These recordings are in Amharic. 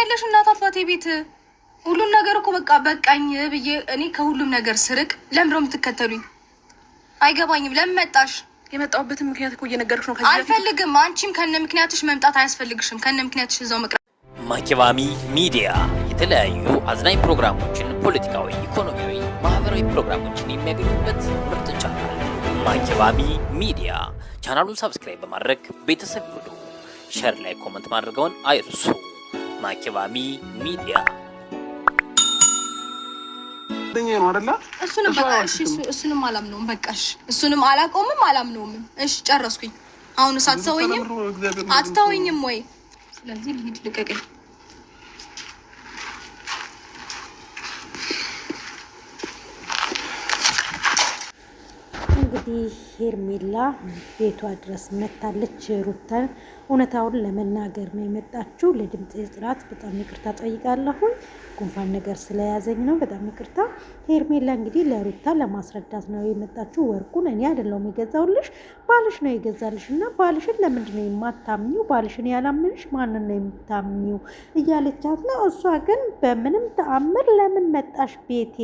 ያለሽ እናት አባቴ ቤት ሁሉም ነገር እኮ በቃ በቃኝ ብዬ እኔ ከሁሉም ነገር ስርቅ ለምድሮ የምትከተሉኝ? አይገባኝም። ለምን መጣሽ? የመጣሁበትን ምክንያት እኮ እየነገርኩሽ ነው። አልፈልግም። አንቺም ከነ ምክንያትሽ መምጣት አያስፈልግሽም። ከነ ምክንያትሽ እዛው መቅረት። ማኪባሚ ሚዲያ የተለያዩ አዝናኝ ፕሮግራሞችን፣ ፖለቲካዊ፣ ኢኮኖሚያዊ፣ ማህበራዊ ፕሮግራሞችን የሚያገኙበት ምርጥ ቻናል ማኪባሚ ሚዲያ። ቻናሉን ሰብስክራይብ በማድረግ ቤተሰብ ሸር ላይ ኮመንት ማድረገውን አይርሱ። ማኪባሚ ሚዲያ ነው አይደለ? እሱንም በቃ እሺ፣ እሱንም አላምነውም። በቃ እሺ፣ እሱንም አላቆምም፣ አላምነውም። እሺ፣ ጨረስኩኝ። አሁንስ አትተወኝም? አትተወኝም ወይ? ስለዚህ ልሂድ፣ ልቀቀኝ። እንግዲህ ሄርሜላ ቤቷ ድረስ መታለች። ሩተን እውነታውን ለመናገር ነው የመጣችው። ለድምፅ ጥራት በጣም ይቅርታ ጠይቃለሁኝ። ጉንፋን ነገር ስለያዘኝ ነው፣ በጣም ይቅርታ። ሄርሜላ እንግዲህ ለሩታ ለማስረዳት ነው የመጣችው። ወርቁን እኔ አይደለሁም የገዛውልሽ፣ ባልሽ ነው የገዛልሽ እና ባልሽን ለምንድን ነው የማታምኚው? ባልሽን ያላምንሽ ማንን ነው የምታምኚው? እያለቻት ነው። እሷ ግን በምንም ተአምር ለምን መጣሽ ቤቴ፣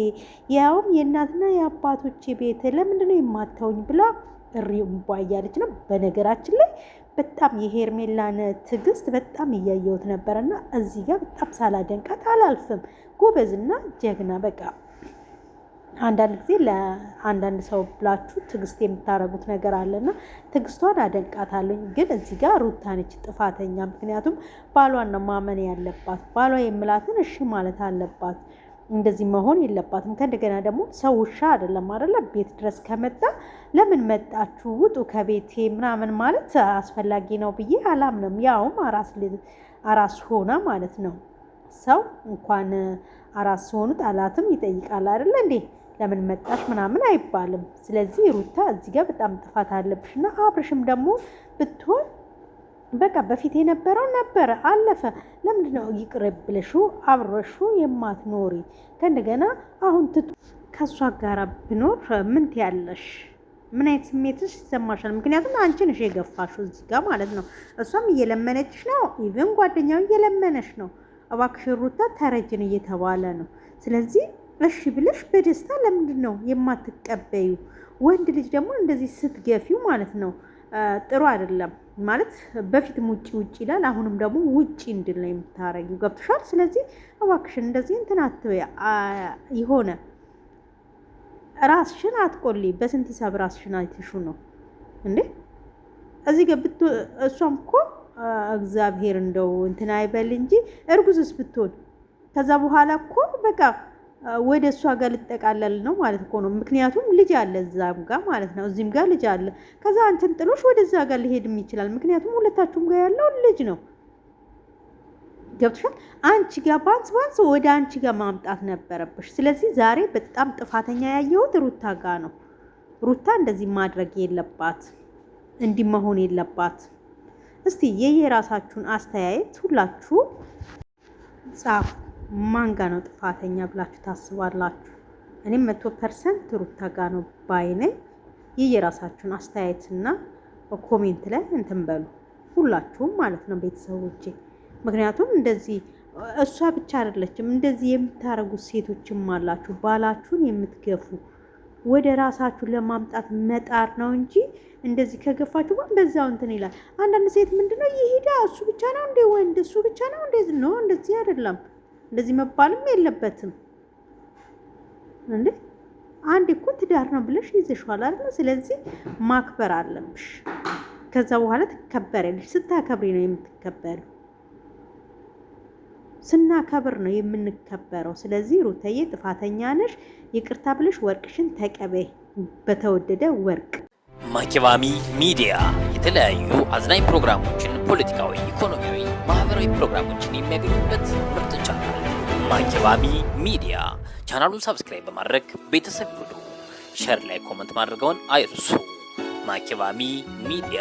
ያውም የእናትና የአባቶቼ ቤቴ ለምንድን ነው የማታውኝ ብላ እሪ እንቧ ነው። በነገራችን ላይ በጣም የሄርሜላን ትዕግስት በጣም እያየሁት እና እዚህ ጋር በጣም ሳላደንቃት አላልፍም። ጎበዝና ጀግና በቃ አንዳንድ ጊዜ ለአንዳንድ ሰው ብላችሁ ትዕግስት የምታደርጉት ነገር አለና ትዕግስቷን አደንቃታለኝ። ግን እዚህ ጋር ሩታ ነች ጥፋተኛ። ምክንያቱም ባሏን ነው ማመን ያለባት። ባሏ የምላትን እሺ ማለት አለባት። እንደዚህ መሆን የለባትም። ከእንደገና ደግሞ ሰው ውሻ አይደለም አይደለ? ቤት ድረስ ከመጣ ለምን መጣችሁ ውጡ ከቤቴ ምናምን ማለት አስፈላጊ ነው ብዬ አላምንም። ያውም አራስ ሆና ማለት ነው። ሰው እንኳን አራስ ሆኑ ጣላትም ይጠይቃል አይደለ እንዴ? ለምን መጣሽ ምናምን አይባልም። ስለዚህ ሩታ እዚህ ጋር በጣም ጥፋት አለብሽ እና አብርሽም ደግሞ ብትሆን በቃ በፊት የነበረው ነበረ አለፈ። ለምንድነው ነው ይቅር ብለሽው አብረሹ የማትኖሪ? ከእንደገና አሁን ትጡ ከእሷ ጋር ብኖር ምን ትያለሽ? ምን አይነት ስሜትሽ ይሰማሻል? ምክንያቱም አንቺ ነሽ የገፋሽው እዚህ ጋር ማለት ነው። እሷም እየለመነችሽ ነው፣ ኢቨን ጓደኛው እየለመነሽ ነው። እባክሽ ሩታ ተረጅን እየተባለ ነው። ስለዚህ እሺ ብለሽ በደስታ ለምንድን ነው የማትቀበዩ? ወንድ ልጅ ደግሞ እንደዚህ ስትገፊው ማለት ነው ጥሩ አይደለም ማለት በፊትም ውጭ ውጭ ይላል፣ አሁንም ደግሞ ውጭ እንድል ነው የምታረጊው። ገብቶሻል? ስለዚህ እባክሽን እንደዚህ እንትን አትበይ። የሆነ ራስሽን አትቆሊ። በስንት ሂሳብ ራስሽን አይትሹ ነው እንዴ? እዚህ ገብቶ እሷም እኮ እግዚአብሔር እንደው እንትን አይበል እንጂ እርጉዝስ ብትሆን ከዛ በኋላ እኮ በቃ ወደ እሷ ጋር ልጠቃለል ነው ማለት እኮ ነው። ምክንያቱም ልጅ አለ እዛም ጋር ማለት ነው፣ እዚህም ጋር ልጅ አለ። ከዛ አንተን ጥሎሽ ወደዛ ጋር ሊሄድም ይችላል። ምክንያቱም ሁለታችሁም ጋር ያለው ልጅ ነው። ገብቶሻል። አንቺ ጋር ባንስ ባንስ ወደ አንቺ ጋር ማምጣት ነበረብሽ። ስለዚህ ዛሬ በጣም ጥፋተኛ ያየሁት ሩታ ጋር ነው። ሩታ እንደዚህ ማድረግ የለባት እንዲህ መሆን የለባት። እስቲ የየራሳችሁን አስተያየት ሁላችሁ ጻፉ። ማን ጋ ነው ጥፋተኛ ብላችሁ ታስባላችሁ? እኔም መቶ ፐርሰንት ሩታ ጋ ነው ባይ ነኝ። ይህ የራሳችሁን አስተያየትና ኮሜንት ላይ እንትን በሉ ሁላችሁም ማለት ነው ቤተሰቦቼ። ምክንያቱም እንደዚህ እሷ ብቻ አይደለችም፣ እንደዚህ የምታደርጉት ሴቶችም አላችሁ። ባላችሁን የምትገፉ ወደ ራሳችሁ ለማምጣት መጣር ነው እንጂ እንደዚህ ከገፋችሁ በን በዛው እንትን ይላል። አንዳንድ ሴት ምንድነው ይሄዳ እሱ ብቻ ነው እንደ ወንድ እሱ ብቻ ነው እንደ ነው እንደዚህ አይደለም። እንደዚህ መባልም የለበትም እንዴ! አንድ እኮ ትዳር ነው ብለሽ ይዘሽዋል አይደል? ስለዚህ ማክበር አለብሽ። ከዛ በኋላ ትከበሪያለሽ። ስታከብሪ ነው የምትከበሪው። ስናከብር ነው የምንከበረው። ስለዚህ ሩተዬ ጥፋተኛ ነሽ፣ ይቅርታ ብለሽ ወርቅሽን ተቀበይ በተወደደ ወርቅ ማኪባሚ ሚዲያ የተለያዩ አዝናኝ ፕሮግራሞችን፣ ፖለቲካዊ፣ ኢኮኖሚያዊ፣ ማህበራዊ ፕሮግራሞችን የሚያገኙበት ምርጥ ቻናል ማኪባሚ ሚዲያ። ቻናሉን ሳብስክራይብ በማድረግ ቤተሰብ ሁሉ ሸር ላይ ኮመንት ማድረገውን አይርሱ። ማኪባሚ ሚዲያ